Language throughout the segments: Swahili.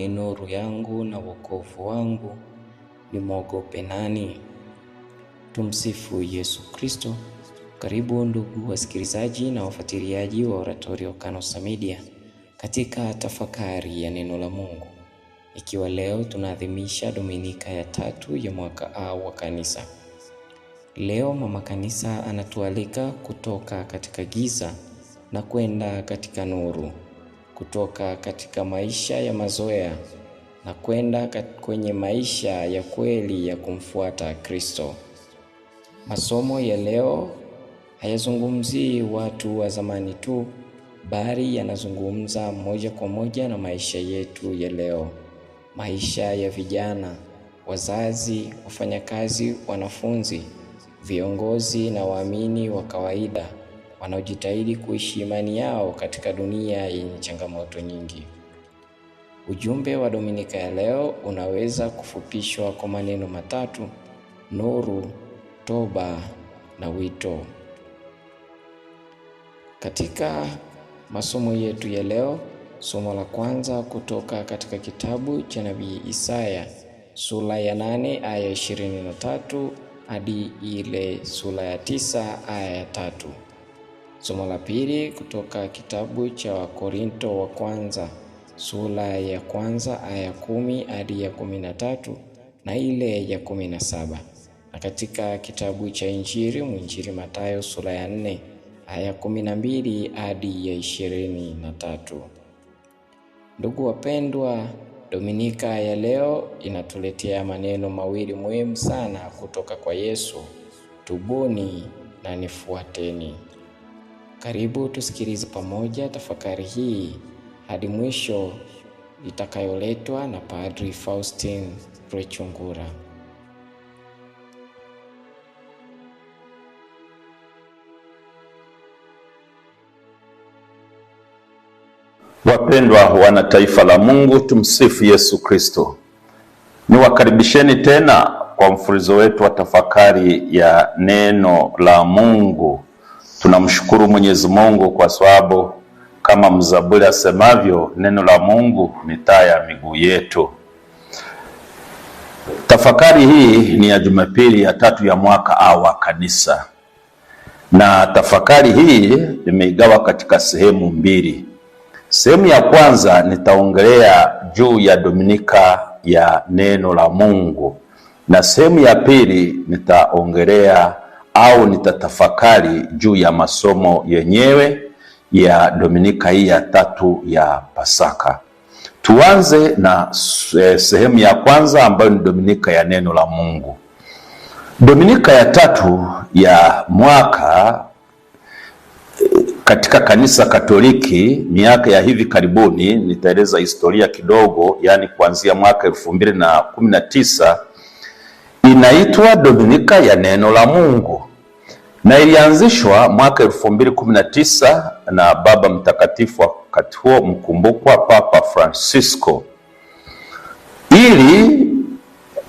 ni nuru yangu na wokovu wangu, nimwogope nani? Tumsifu Yesu Kristo. Karibu ndugu wasikilizaji na wafuatiliaji wa Oratorio Kanosa Media katika tafakari ya neno la Mungu, ikiwa leo tunaadhimisha Dominika ya tatu ya mwaka A wa Kanisa. Leo Mama Kanisa anatualika kutoka katika giza na kwenda katika nuru kutoka katika maisha ya mazoea na kwenda kwenye maisha ya kweli ya kumfuata Kristo. Masomo ya leo hayazungumzii watu wa zamani tu, bali yanazungumza moja kwa moja na maisha yetu ya leo, maisha ya vijana, wazazi, wafanyakazi, wanafunzi, viongozi na waamini wa kawaida wanaojitahidi kuishi imani yao katika dunia yenye changamoto nyingi. Ujumbe wa Dominika ya leo unaweza kufupishwa kwa maneno matatu: nuru, toba na wito. Katika masomo yetu ya leo, somo la kwanza kutoka katika kitabu cha nabii Isaya sura ya nane aya ishirini na tatu hadi ile sura ya tisa aya ya tatu. Somo la pili kutoka kitabu cha Wakorinto wa kwanza sura ya kwanza aya kumi hadi ya kumi na tatu na ile ya kumi na saba na katika kitabu cha injiri mwinjiri matayo sura ya nne aya kumi na mbili hadi ya ishirini na tatu. Ndugu wapendwa, Dominika ya leo inatuletea maneno mawili muhimu sana kutoka kwa Yesu: tubuni na nifuateni. Karibu tusikilize pamoja tafakari hii hadi mwisho itakayoletwa na Padri Faustin Rwechungura. Wapendwa wana taifa la Mungu, tumsifu Yesu Kristo. Niwakaribisheni tena kwa mfululizo wetu wa tafakari ya neno la Mungu Tunamshukuru Mwenyezi Mungu kwa sababu kama mzaburi asemavyo, neno la Mungu ni taa ya miguu yetu. Tafakari hii ni ya Jumapili ya tatu ya mwaka A wa kanisa, na tafakari hii nimeigawa katika sehemu mbili. Sehemu ya kwanza nitaongelea juu ya Dominika ya neno la Mungu, na sehemu ya pili nitaongelea au nitatafakari juu ya masomo yenyewe ya Dominika hii ya tatu ya Pasaka. Tuanze na eh, sehemu ya kwanza ambayo ni Dominika ya neno la Mungu. Dominika ya tatu ya mwaka eh, katika kanisa Katoliki miaka ya hivi karibuni, nitaeleza historia kidogo, yaani kuanzia mwaka elfu mbili na kumi na tisa inaitwa Dominika ya Neno la Mungu na ilianzishwa mwaka 2019 na Baba Mtakatifu wakati huo mkumbukwa Papa Francisco ili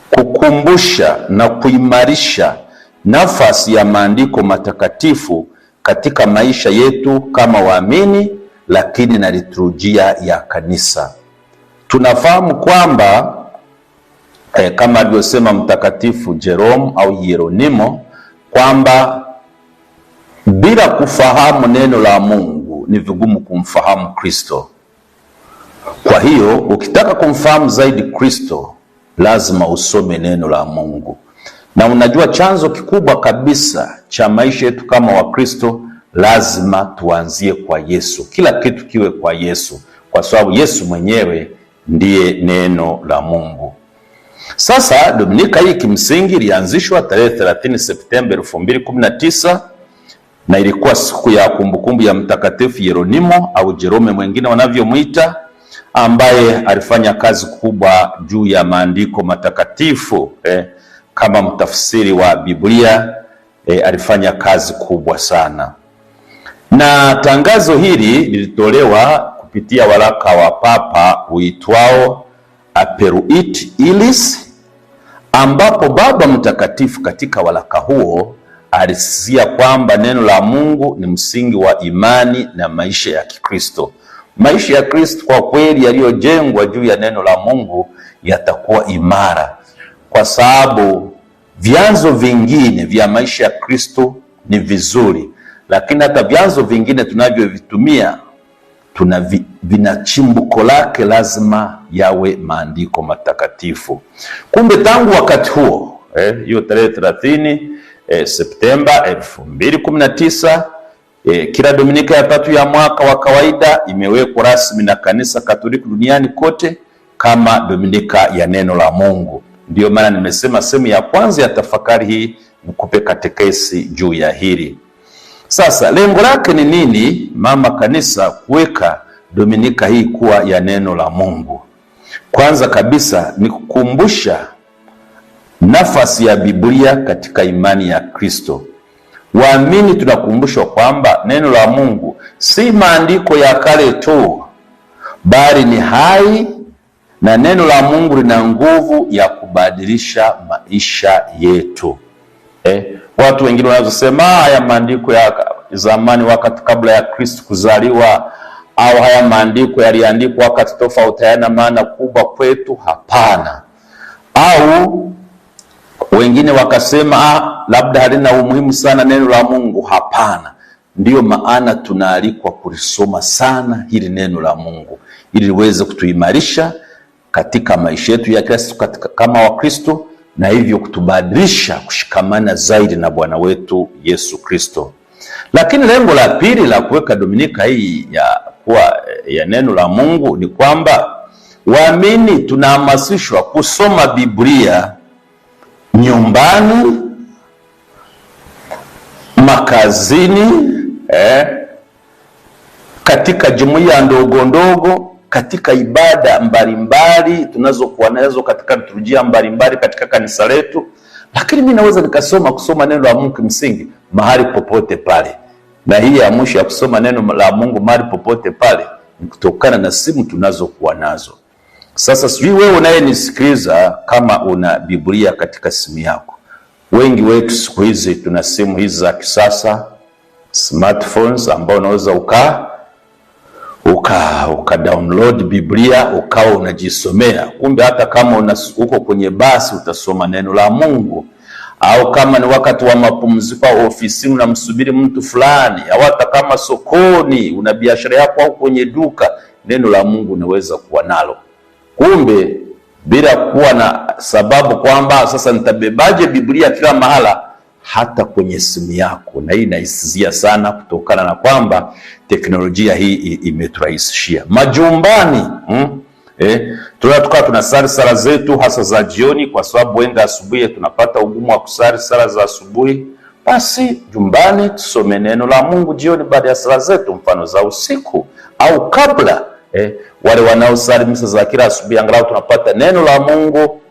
kukumbusha na kuimarisha nafasi ya maandiko matakatifu katika maisha yetu kama waamini, lakini na liturujia ya kanisa. Tunafahamu kwamba eh, kama alivyosema Mtakatifu Jerome au Yeronimo kwamba bila kufahamu neno la Mungu ni vigumu kumfahamu Kristo. Kwa hiyo ukitaka kumfahamu zaidi Kristo lazima usome neno la Mungu. Na unajua chanzo kikubwa kabisa cha maisha yetu kama Wakristo lazima tuanzie kwa Yesu. Kila kitu kiwe kwa Yesu, kwa sababu Yesu mwenyewe ndiye neno la Mungu. Sasa dominika hii kimsingi ilianzishwa tarehe 30 Septemba 2019 na ilikuwa siku ya kumbukumbu ya Mtakatifu Yeronimo au Jerome mwengine wanavyomwita, ambaye alifanya kazi kubwa juu ya maandiko matakatifu eh, kama mtafsiri wa Biblia eh, alifanya kazi kubwa sana, na tangazo hili lilitolewa kupitia waraka wa papa uitwao Aperuit Ilis ambapo Baba Mtakatifu katika waraka huo alisisitiza kwamba neno la Mungu ni msingi wa imani na maisha ya Kikristo. Maisha ya Kristo kwa kweli yaliyojengwa juu ya neno la Mungu yatakuwa imara, kwa sababu vyanzo vingine vya maisha ya Kristo ni vizuri, lakini hata vyanzo vingine tunavyovitumia tunavi vina chimbuko lake, lazima yawe maandiko matakatifu. Kumbe tangu wakati huo eh, hiyo eh, tarehe 30 eh, Septemba 2019 eh, kila Dominika ya tatu ya mwaka wa kawaida imewekwa rasmi na kanisa Katoliki duniani kote kama Dominika ya neno la Mungu. Ndiyo maana nimesema sehemu ya kwanza ya tafakari hii nikupe katekesi juu ya hili. Sasa lengo lake ni nini mama kanisa kuweka dominika hii kuwa ya neno la Mungu. Kwanza kabisa ni kukumbusha nafasi ya Biblia katika imani ya Kristo. Waamini tunakumbushwa kwamba neno la Mungu si maandiko ya kale tu, bali ni hai na neno la Mungu lina nguvu ya kubadilisha maisha yetu. Eh, watu wengine wanazosema haya maandiko ya zamani wakati kabla ya Kristo kuzaliwa au haya maandiko yaliandikwa wakati tofauti, hayana maana kubwa kwetu? Hapana. Au wengine wakasema ah, labda halina umuhimu sana neno la Mungu. Hapana, ndiyo maana tunaalikwa kulisoma sana hili neno la Mungu ili liweze kutuimarisha katika maisha yetu ya kila siku kama Wakristo na hivyo kutubadilisha kushikamana zaidi na Bwana wetu Yesu Kristo. Lakini lengo la pili la kuweka Dominika hii ya kuwa eh, ya neno la Mungu ni kwamba waamini tunahamasishwa kusoma Biblia nyumbani, makazini, eh, katika jumuiya ndogo ndogo, katika ibada mbalimbali tunazokuwa nazo katika liturujia mbalimbali katika kanisa letu. Lakini mimi naweza nikasoma kusoma neno la Mungu kimsingi mahali popote pale na hii ya mwisho ya kusoma neno la Mungu mahali popote pale ni kutokana na simu tunazokuwa nazo. Sasa sijui wewe unayenisikiliza kama una Biblia katika simu yako. Wengi wetu siku hizi tuna simu hizi za kisasa smartphones, ambao unaweza uka uka uka download Biblia ukawa unajisomea. Kumbe hata kama una, uko kwenye basi utasoma neno la Mungu au kama ni wakati wa mapumziko ofisini, unamsubiri mtu fulani, au hata kama sokoni una biashara yako au kwenye duka, neno la Mungu unaweza kuwa nalo. Kumbe bila kuwa na sababu kwamba sasa nitabebaje Biblia kila mahala, hata kwenye simu yako. Na hii naisizia sana kutokana na kwamba teknolojia hii imeturahisishia majumbani, hmm? eh? tunaweza tukawa tunasali sala zetu hasa za jioni, kwa sababu huenda asubuhi tunapata ugumu wa kusali sala za asubuhi. Basi jumbani tusome neno la Mungu jioni baada ya sala zetu, mfano za usiku au kabla eh. Wale wanaosali misa za kila asubuhi, angalau tunapata neno la Mungu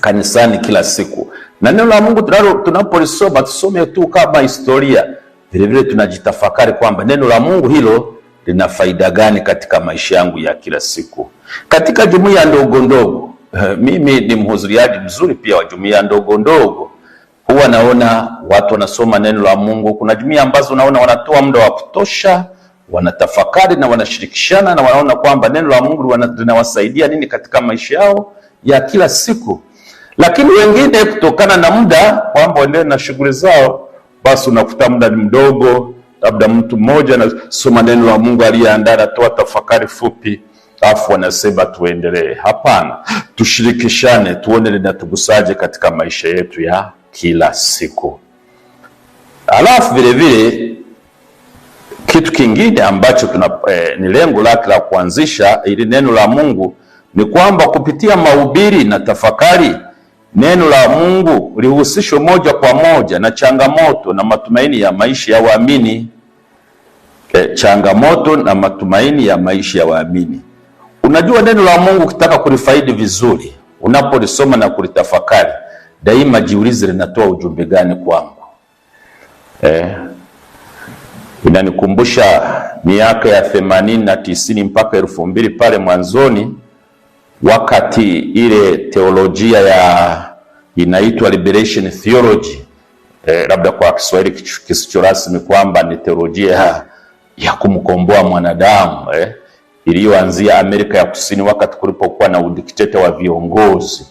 kanisani kila siku, na neno la Mungu tunapolisoma tusome tu kama historia, vilevile tunajitafakari kwamba neno la Mungu hilo lina faida gani katika maisha yangu ya kila siku katika jumuiya ndogo ndogo. Eh, mimi ni mhudhuriaji mzuri pia wa jumuiya ndogo ndogo, huwa naona watu wanasoma neno la Mungu. Kuna jumuiya ambazo naona wanatoa muda wa kutosha, wanatafakari na wanashirikishana na wanaona kwamba neno la Mungu linawasaidia nini katika maisha yao ya kila siku, lakini wengine kutokana na muda kwamba waendelee na shughuli zao, basi unakuta muda ni mdogo labda mtu mmoja anasoma neno la Mungu aliyeandaa, anatoa tafakari fupi, afu anasema tuendelee. Hapana, tushirikishane, tuone linatugusaje katika maisha yetu ya kila siku. Alafu vilevile kitu kingine ambacho tuna eh, ni lengo lake la kuanzisha ili neno la Mungu ni kwamba kupitia mahubiri na tafakari Neno la Mungu lihusishwe moja kwa moja na changamoto na matumaini ya maisha ya waamini. E, changamoto na matumaini ya maisha ya waamini. Unajua, neno la Mungu ukitaka kulifaidi vizuri, unapolisoma na kulitafakari daima, jiulize linatoa ujumbe gani kwangu. E, inanikumbusha miaka ya themanini na tisini mpaka elfu mbili pale mwanzoni wakati ile teolojia ya inaitwa liberation theology eh, labda kwa Kiswahili kisicho rasmi kwamba ni teolojia ya, ya kumkomboa mwanadamu eh, iliyoanzia Amerika ya Kusini wakati kulipokuwa na udikteta wa viongozi.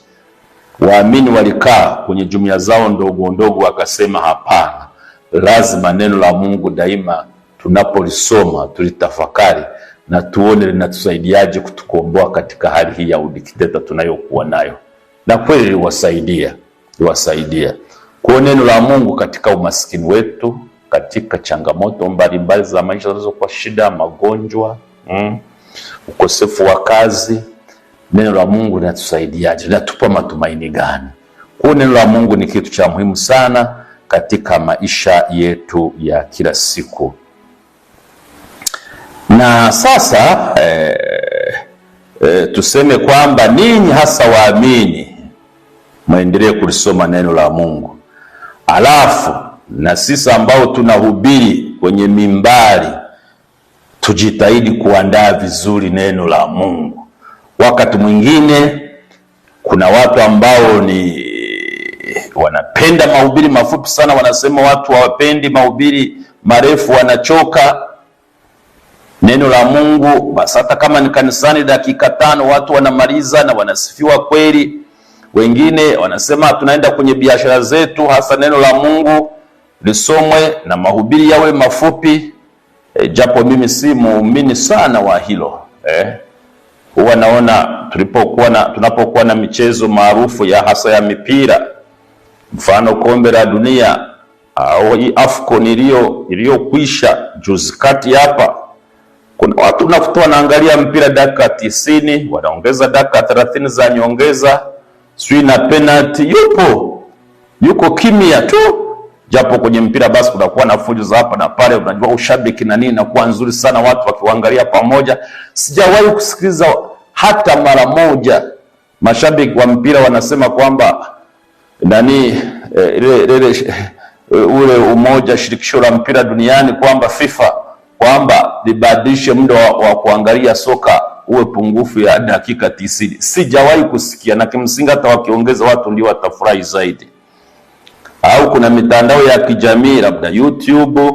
Waamini walikaa kwenye jumuiya zao ndogo ndogo, wakasema hapana, lazima neno la Mungu daima tunapolisoma tulitafakari na tuone linatusaidiaje kutukomboa katika hali hii ya udikteta tunayokuwa nayo. Na kweli liwasaidia, liwasaidia kwa neno la Mungu katika umaskini wetu, katika changamoto mbalimbali za maisha zinazokuwa shida, magonjwa, mm, ukosefu wa kazi. Neno la Mungu linatusaidiaje? Linatupa matumaini gani? Kwa neno la Mungu ni kitu cha muhimu sana katika maisha yetu ya kila siku na sasa e, e, tuseme kwamba ninyi hasa waamini mwendelee kulisoma neno la Mungu, alafu na sisi ambao tunahubiri kwenye mimbari tujitahidi kuandaa vizuri neno la Mungu. Wakati mwingine kuna watu ambao ni wanapenda mahubiri mafupi sana, wanasema watu hawapendi mahubiri marefu, wanachoka neno la Mungu. Basi hata kama ni kanisani dakika tano watu wanamaliza na wanasifiwa kweli. Wengine wanasema tunaenda kwenye biashara zetu, hasa neno la Mungu lisomwe na mahubiri yawe mafupi. E, japo mimi si muumini sana wa hilo eh. Huwa naona tulipokuwa na tunapokuwa na michezo maarufu ya hasa ya mipira, mfano kombe la dunia au AFCON iliyokwisha juzi kati hapa watu nafuta wanaangalia mpira dakika tisini, wanaongeza dakika thelathini za nyongeza, sijui na penalty. Yupo, yuko kimya tu, japo kwenye mpira basi kunakuwa na fujo za hapa na pale. Unajua ushabiki na nini inakuwa nzuri sana, watu wakiwaangalia pamoja. Sijawahi kusikiliza hata mara moja mashabiki wa mpira wanasema kwamba nani eh, ile ile eh, ule umoja shirikisho la mpira duniani kwamba FIFA kwamba libadilishe muda wa, wa kuangalia soka uwe pungufu ya dakika tisini. Sijawahi kusikia, na kimsingi hata wakiongeza watu ndio watafurahi zaidi. Au kuna mitandao ya kijamii labda YouTube,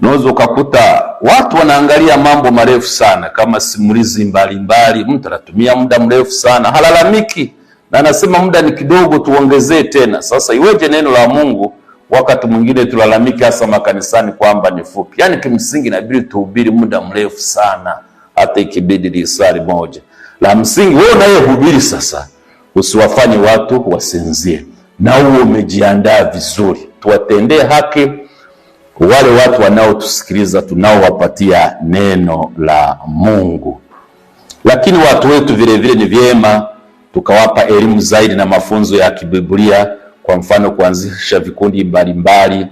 unaweza ukakuta watu wanaangalia mambo marefu sana kama simulizi mbalimbali, mtu anatumia muda mrefu sana, halalamiki na anasema muda ni kidogo, tuongezee tena. Sasa iweje neno la Mungu Wakati mwingine tulalamiki hasa makanisani kwamba ni fupi, yaani kimsingi inabidi tuhubiri muda mrefu sana, hata ikibidi lisali moja. La msingi wewe unayehubiri sasa, usiwafanye watu wasinzie, na uwe umejiandaa vizuri. Tuwatendee haki wale watu wanaotusikiliza, tunaowapatia neno la Mungu. Lakini watu wetu vilevile ni vyema tukawapa elimu zaidi na mafunzo ya kibiblia kwa mfano kuanzisha vikundi mbalimbali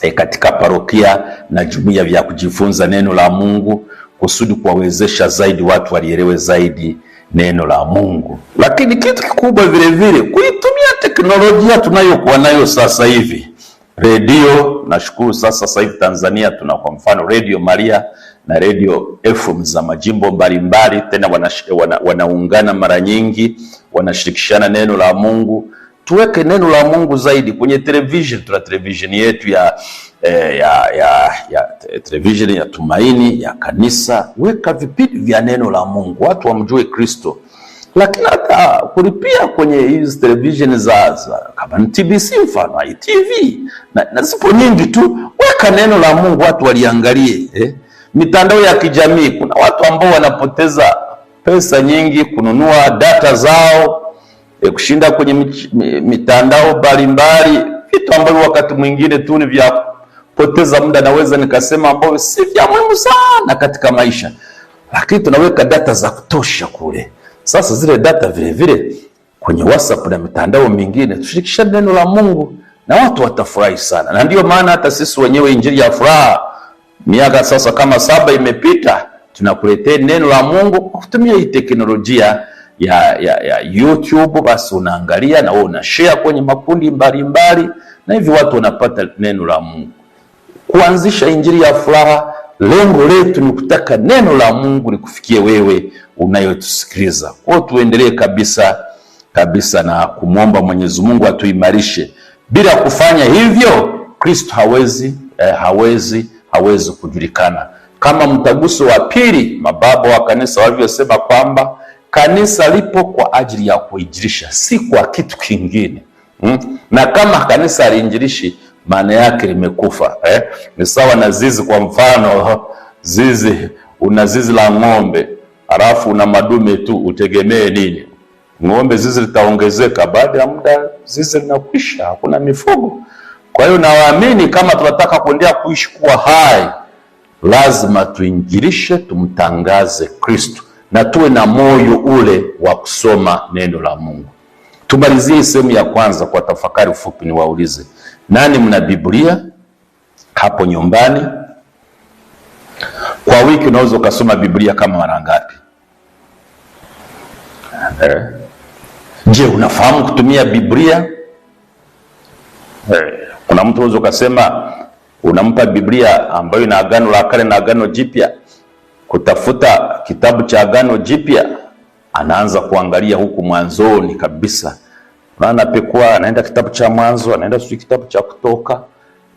e, katika parokia na jumuiya vya kujifunza neno la Mungu kusudi kuwawezesha zaidi watu walielewe zaidi neno la Mungu. Lakini kitu kikubwa vile vile kuitumia teknolojia tunayokuwa nayo sasa hivi, redio. Nashukuru sasa sasa hivi Tanzania tuna kwa mfano Radio Maria na radio FM za majimbo mbalimbali, tena wanaungana wana, wana mara nyingi wanashirikishana neno la Mungu tuweke neno la Mungu zaidi kwenye television. Tuna television yetu ya, eh, ya, ya, ya television ya Tumaini ya kanisa. Weka vipindi vya neno la Mungu, watu wamjue Kristo. Lakini hata kulipia kwenye hizi television za, za kama TBC mfano ITV na, na zipo nyingi tu, weka neno la Mungu watu waliangalie eh. Mitandao ya kijamii kuna watu ambao wanapoteza pesa nyingi kununua data zao e, kushinda kwenye mitandao mbalimbali, vitu ambavyo wakati mwingine tu ni vya poteza muda, naweza nikasema ambavyo si vya muhimu sana katika maisha, lakini tunaweka data za kutosha kule. Sasa zile data vile vile, kwenye WhatsApp na mitandao mingine tushirikisha neno la Mungu na watu watafurahi sana, na ndio maana hata sisi wenyewe Injili ya Furaha miaka sasa kama saba imepita tunakuletea neno la Mungu kwa kutumia hii teknolojia ya, ya, ya YouTube, basi unaangalia na wewe share kwenye makundi mbalimbali mbali, na hivi watu wanapata neno la Mungu. Kuanzisha Injili ya Furaha, lengo letu ni kutaka neno la Mungu likufikie wewe unayotusikiliza. Kwa tuendelee kabisa kabisa na kumwomba Mwenyezi Mungu atuimarishe. Bila kufanya hivyo Kristo hawezi eh, hawezi hawezi kujulikana. Kama mtaguso wa pili mababa wa kanisa walivyosema kwamba Kanisa lipo kwa ajili ya kuinjilisha, si kwa kitu kingine hmm? Na kama kanisa aliinjilishi, maana yake limekufa eh? Ni sawa na zizi. Kwa mfano, zizi, una zizi la ng'ombe halafu una madume tu, utegemee nini? Ng'ombe zizi litaongezeka, baada ya muda zizi linakwisha, hakuna mifugo. Kwa hiyo nawaamini, kama tunataka kuendelea kuishi kuwa hai, lazima tuinjilishe, tumtangaze Kristo na tuwe na moyo ule wa kusoma neno la Mungu. Tumalizie sehemu ya kwanza kwa tafakari fupi, niwaulize, nani mna Biblia hapo nyumbani? Kwa wiki unaweza ukasoma Biblia kama mara ngapi? Eh. Je, unafahamu kutumia Biblia? Eh. Kuna mtu unaweza ukasema unampa Biblia ambayo ina Agano la Kale na Agano Jipya kutafuta kitabu cha Agano Jipya, anaanza kuangalia huku mwanzoni kabisa, anapekua, anaenda kitabu cha Mwanzo, anaenda sio kitabu cha Kutoka.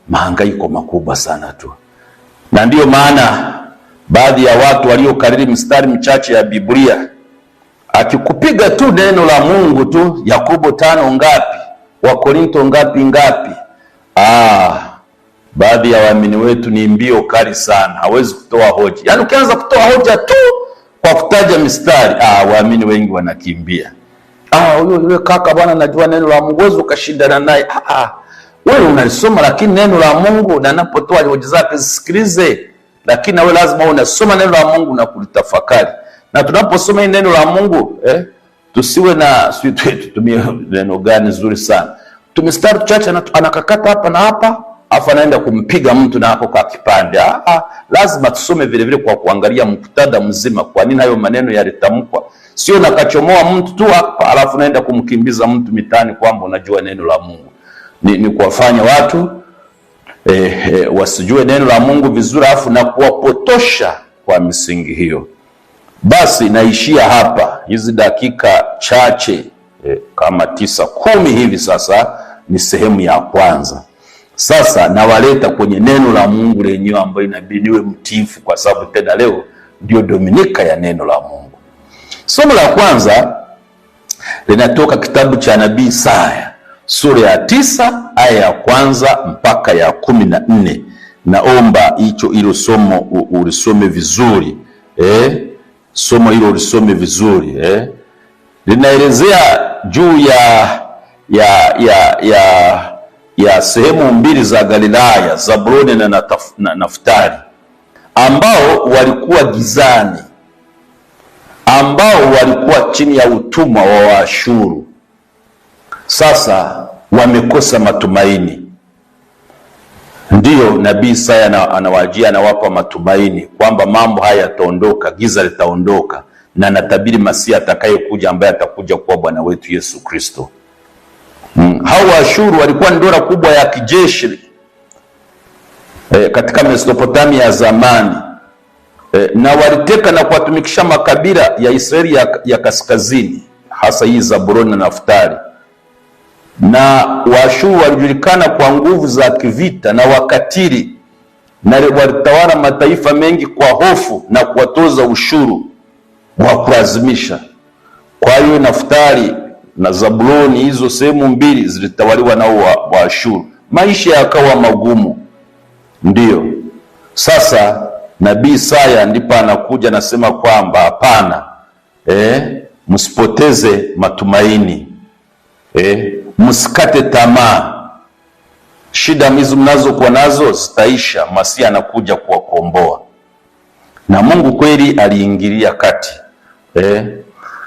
Mahangaiko makubwa sana tu, na ndiyo maana baadhi ya watu waliokariri mstari mchache ya Biblia akikupiga tu neno la Mungu tu, Yakobo tano ngapi, Wakorinto ngapi ngapi, ah baadhi ya waamini wetu ni mbio kali sana, hawezi kutoa hoja. Yaani ukianza kutoa hoja tu kwa kutaja mistari, ah, waamini wengi wanakimbia. Ah, huyo yule kaka bwana, najua neno la Mungu, wewe ukashindana naye. Ah, ah, wewe unalisoma, lakini neno la Mungu na napotoa hoja zake sikilize, lakini wewe lazima unasoma neno la Mungu na kulitafakari. Na tunaposoma hili neno la Mungu eh, tusiwe na sisi tutumie neno gani zuri sana Tumestart chache anakakata hapa na hapa afu anaenda kumpiga mtu na hapo kwa kipande. Ah, ah lazima tusome vile vile kwa kuangalia mkutadha mzima, kwa nini hayo maneno yalitamkwa. Sio nakachomoa mtu tu hapa alafu naenda kumkimbiza mtu mitaani kwamba unajua neno la Mungu. Ni, ni kuwafanya watu eh, eh, wasijue neno la Mungu vizuri alafu na kuwapotosha kwa misingi hiyo. Basi naishia hapa hizi dakika chache eh, kama tisa kumi hivi sasa ni sehemu ya kwanza. Sasa nawaleta kwenye neno la Mungu lenyewe ambayo inabidiwe mtiifu, kwa sababu tena leo ndio Dominika ya neno la Mungu. Somo la kwanza linatoka kitabu cha nabii Isaya sura ya tisa aya ya kwanza mpaka ya kumi na nne. Naomba hicho hilo somo ulisome vizuri eh? Somo hilo ulisome vizuri eh? Linaelezea juu ya ya ya ya ya sehemu mbili za Galilaya, Zabuloni na Naftali, ambao walikuwa gizani, ambao walikuwa chini ya utumwa wa Waashuru. Sasa wamekosa matumaini. Ndiyo nabii Isaya anawajia, anawapa matumaini kwamba mambo haya yataondoka, giza litaondoka, na natabiri Masihi atakayekuja ambaye atakuja kuwa Bwana wetu Yesu Kristo hao Waashuru walikuwa ni dola kubwa ya kijeshi e, katika Mesopotamia ya zamani e, na waliteka na kuwatumikisha makabila ya Israeli ya, ya kaskazini hasa hii Zabuloni na Naftali na Waashuru walijulikana kwa nguvu za kivita na wakatili, na walitawala mataifa mengi kwa hofu na kuwatoza ushuru wa kulazimisha. Kwa hiyo Naftali na Zabuloni, hizo sehemu mbili zilitawaliwa nao Waashuru wa maisha yakawa magumu. Ndiyo sasa nabii Isaya ndipo anakuja anasema kwamba hapana, eh, msipoteze matumaini eh, msikate tamaa. Shida hizi mnazokuwa nazo zitaisha. Masia anakuja kuwakomboa na Mungu kweli aliingilia kati eh,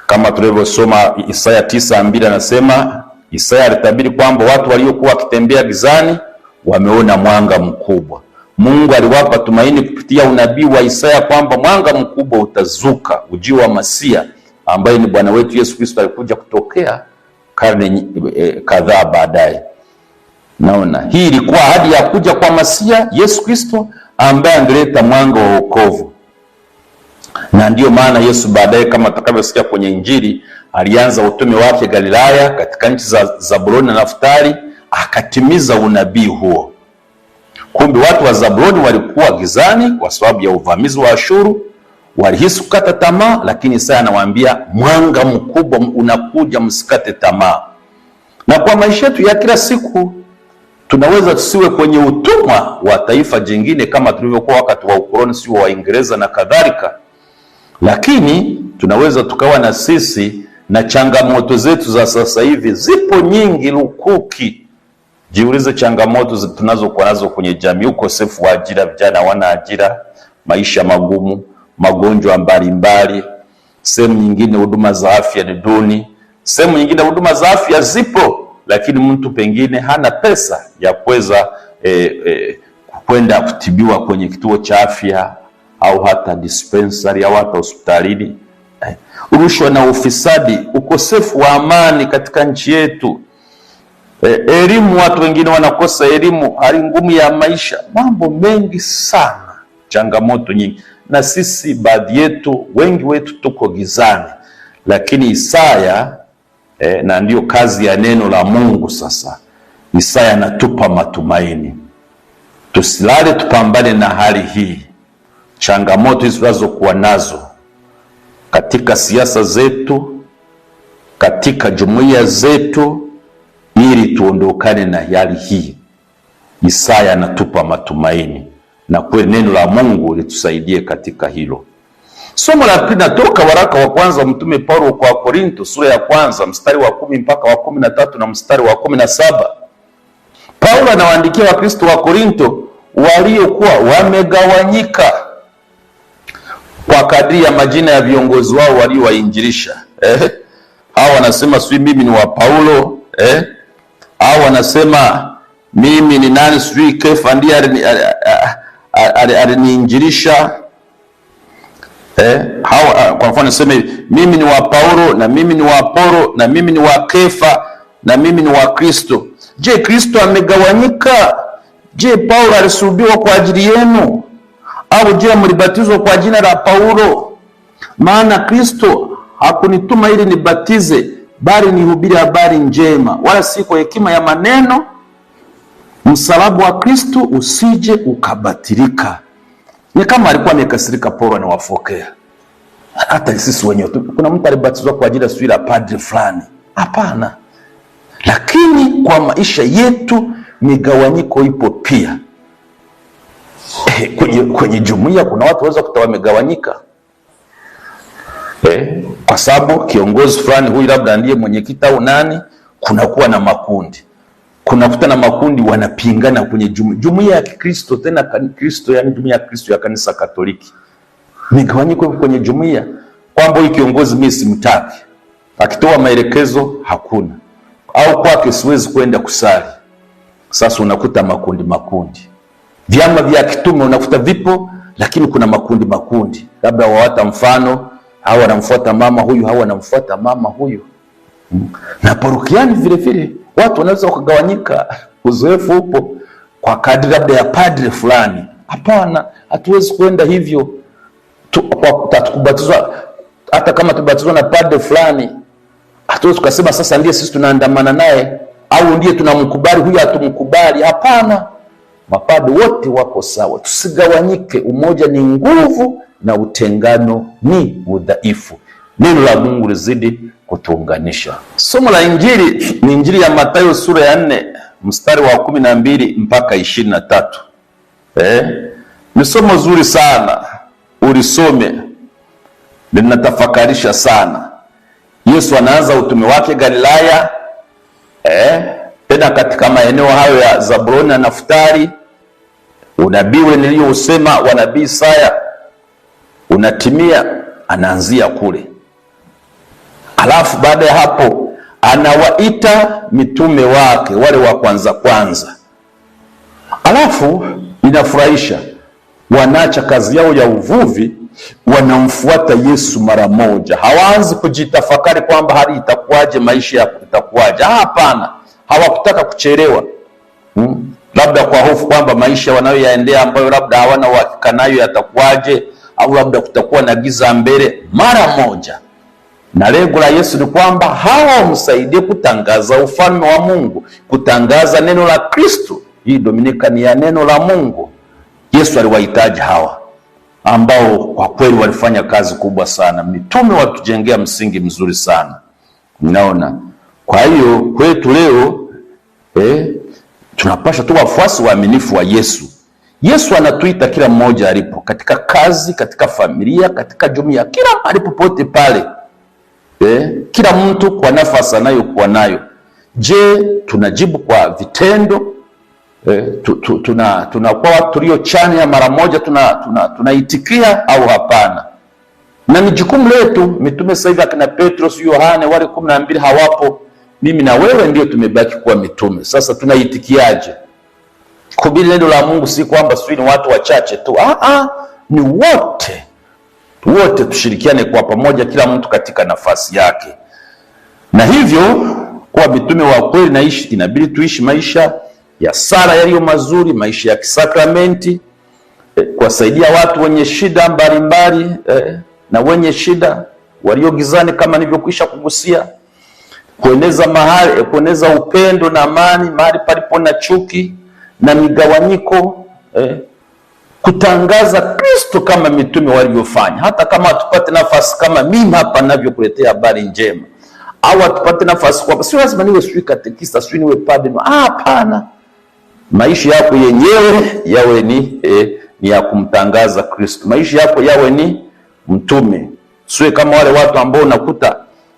kama tulivyosoma Isaya tisa mbili anasema Isaya alitabiri kwamba watu waliokuwa wakitembea gizani wameona mwanga mkubwa. Mungu aliwapa tumaini kupitia unabii wa Isaya kwamba mwanga mkubwa utazuka, ujio wa Masia ambaye ni Bwana wetu Yesu Kristo alikuja kutokea karne e, kadhaa baadaye. Naona hii ilikuwa ahadi ya kuja kwa Masia Yesu Kristo ambaye angeleta mwanga wa wokovu na ndiyo maana Yesu baadaye kama tutakavyosikia kwenye Injili alianza utume wake Galilaya katika nchi za Zabuloni na Naftali, akatimiza unabii huo. Kumbe watu wa Zabuloni walikuwa gizani kwa sababu ya uvamizi wa Ashuru, walihisi kukata tamaa, lakini Isaya anawaambia mwanga mkubwa unakuja, msikate tamaa. Na kwa maisha yetu ya kila siku tunaweza tusiwe kwenye utumwa wa taifa jingine kama tulivyokuwa wakati wa ukoloni, sio Waingereza na kadhalika lakini tunaweza tukawa na sisi na changamoto zetu za sasa hivi zipo nyingi lukuki. Jiulize changamoto tunazokuwa nazo kwenye jamii: ukosefu wa ajira, vijana wana ajira, maisha magumu, magonjwa mbalimbali. Sehemu nyingine huduma za afya ni duni, sehemu nyingine huduma za afya zipo, lakini mtu pengine hana pesa ya kuweza eh, eh, kwenda kutibiwa kwenye kituo cha afya au hata dispensari au hata hospitalini eh. Rushwa na ufisadi, ukosefu wa amani katika nchi yetu eh, elimu, watu wengine wanakosa elimu, hali ngumu ya maisha, mambo mengi sana, changamoto nyingi, na sisi baadhi yetu, wengi wetu tuko gizani, lakini Isaya eh, na ndiyo kazi ya neno la Mungu sasa Isaya anatupa matumaini, tusilale, tupambane na hali hii changamoto hizi tunazokuwa nazo katika siasa zetu, katika jumuiya zetu, ili tuondokane na hali hii. Isaya anatupa matumaini na kweli neno la Mungu litusaidie katika hilo. Somo la pili natoka waraka wa kwanza wa Mtume Paulo kwa Korinto sura ya kwanza mstari wa kumi mpaka wa kumi na tatu na mstari wa kumi na saba. Paulo anawaandikia Wakristo wa Korinto waliokuwa wamegawanyika kwa kadri ya majina ya viongozi wao waliowainjilisha. Eh, hao wanasema sijui mimi ni wa Paulo eh, hao wanasema mimi ni nani, sijui Kefa ndiye aliniinjilisha eh, hao ah, kwa mfano nasema mimi ni wa Paulo na mimi ni wa Apolo na mimi ni wa Kefa na mimi ni wa Kristo. Je, Kristo amegawanyika? Je, Paulo alisulubiwa kwa ajili yenu? au je, mlibatizwa kwa jina la Paulo? Maana Kristo hakunituma ili nibatize, bali nihubiri habari njema, wala si kwa hekima ya maneno, msalaba wa Kristo usije ukabatilika. Ni kama alikuwa amekasirika, Paulo anawafokea. Hata sisi wenyewe kuna mtu alibatizwa kwa jina sijui la padri fulani, hapana. Lakini kwa maisha yetu migawanyiko ipo pia. kwenye, kwenye jumuiya kuna watu waweza kuta wamegawanyika eh, kwa sababu kiongozi fulani huyu labda ndiye mwenyekiti au nani, kunakuwa na makundi kunakuta na makundi wanapingana kwenye jumuiya ya Kikristo, tena Kristo, yani jumuiya ya Kristo ya kanisa Katoliki, migawanyiko kwenye jumuiya kwamba huyu kiongozi mimi simtaki, akitoa maelekezo hakuna, au kwake siwezi kwenda kusali. Sasa unakuta makundi makundi Vyama vya kitume unakuta vipo, lakini kuna makundi makundi, labda wawata mfano, hao wanamfuata mama huyu, hao wanamfuata mama huyu. Na parokiani vile vile watu wanaweza wakagawanyika, uzoefu upo kwa kadri labda ya padre fulani. Hapana, hatuwezi kwenda hivyo tu, kwa tukubatizwa hata kama tubatizwa na padre fulani, hatuwezi kusema sasa ndiye sisi tunaandamana naye au ndiye tunamkubali huyu, hatumkubali. Hapana. Mapado wote wako sawa, tusigawanyike. Umoja ni nguvu na utengano ni udhaifu. Neno la Mungu lizidi kutuunganisha. Somo la Injili ni Injili ya Mathayo sura ya nne mstari wa kumi na mbili mpaka ishirini na tatu. Eh, ni somo zuri sana, ulisome, linatafakarisha sana. Yesu anaanza utume wake Galilaya, eh, tena katika maeneo hayo ya Zabuloni na Naftali Unabii ule niliyousema wa nabii Isaya unatimia, anaanzia kule, alafu baada ya hapo anawaita mitume wake wale wa kwanza kwanza, alafu inafurahisha, wanaacha kazi yao ya uvuvi, wanamfuata Yesu mara moja. Hawaanzi kujitafakari kwamba hali itakuwaje, maisha yako itakuwaje. Hapana, hawakutaka kuchelewa hmm labda kwa hofu kwamba maisha wanayoyaendea ambayo labda hawana uhakika nayo yatakuwaje, au labda kutakuwa na giza mbele mara moja. Na lengo la Yesu ni kwamba hawa wamsaidie kutangaza ufalme wa Mungu, kutangaza neno la Kristo. Hii Dominika ni ya neno la Mungu. Yesu aliwahitaji hawa ambao kwa kweli walifanya kazi kubwa sana. Mitume watujengea msingi mzuri sana, naona. Kwa hiyo kwetu leo eh, Tunapasha tu wafuasi waaminifu wa Yesu. Yesu anatuita kila mmoja alipo, katika kazi, katika familia, katika jumuiya, kila mahali popote pale eh, kila mtu kwa nafasi anayokuwa nayo. Je, tunajibu kwa vitendo eh, tu, tu, tuna tunakuwa watu ya mara moja tunaitikia tuna, tuna au hapana? Na ni jukumu letu. Mitume sasa hivi akina Petro, Yohane wale kumi na mbili hawapo mimi na wewe ndio tumebaki kuwa mitume. Sasa tunaitikiaje? Kuhubiri neno la Mungu si kwamba sisi ni watu wachache tu. Ah, ah, ni wote wote, tushirikiane kwa pamoja, kila mtu katika nafasi yake, na hivyo kuwa mitume wa kweli. Naishi inabidi tuishi maisha ya sala yaliyo mazuri, maisha ya kisakramenti, eh, kuwasaidia watu wenye shida mbalimbali mbali, eh, na wenye shida walio gizani, kama nilivyokwisha kugusia kueneza mahali, kueneza upendo na amani mahali palipo na chuki na migawanyiko eh, kutangaza Kristo kama mitume walivyofanya. Hata kama hatupate nafasi kama mimi hapa ninavyokuletea habari njema, au hatupate nafasi kwa, sio lazima niwe sijui katekista, sijui niwe padre. Ah, hapana, maisha yako yenyewe yawe ni eh, ni ya kumtangaza Kristo, maisha yako yawe ni mtume. sio kama wale watu ambao unakuta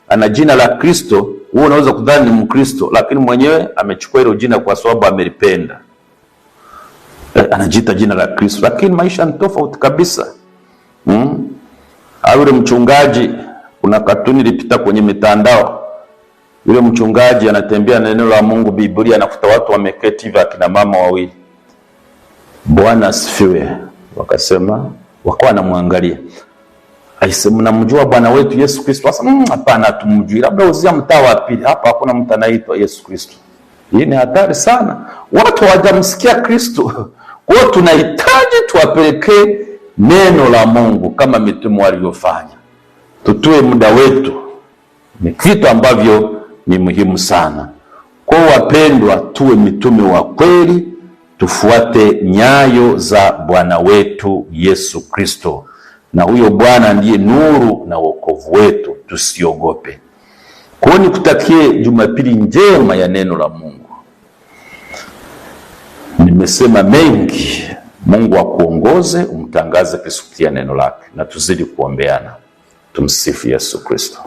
ana jina la Kristo wewe unaweza kudhani ni Mkristo, lakini mwenyewe amechukua hilo jina kwa sababu amelipenda, eh, anajiita jina la Kristo, lakini maisha ni tofauti kabisa mm? Au ah, yule mchungaji, kuna katuni ilipita kwenye mitandao, yule mchungaji anatembea na neno la Mungu, Biblia, anakuta watu wameketi hivi, akina mama wawili, Bwana asifiwe, wakasema wakawa wanamwangalia Aise, mnamjua Bwana wetu Yesu Kristo? Sasa mm, hapana, mm, tumjui, labda uzia mtaa wa pili hapa, hakuna mtu anaitwa Yesu Kristo. Hii ni hatari sana, watu hawajamsikia Kristo. Kwa hiyo tunahitaji tuwapelekee neno la Mungu kama mitume walivyofanya, tutoe muda wetu. Ni vitu ambavyo ni muhimu sana. Kwa wapendwa, tuwe mitume wa kweli, tufuate nyayo za Bwana wetu Yesu Kristo na huyo Bwana ndiye nuru na wokovu wetu, tusiogope. Kwa hiyo nikutakie Jumapili njema ya neno la Mungu. Nimesema mengi. Mungu akuongoze umtangaze Kristo kupitia neno lake, na tuzidi kuombeana. Tumsifu Yesu Kristo.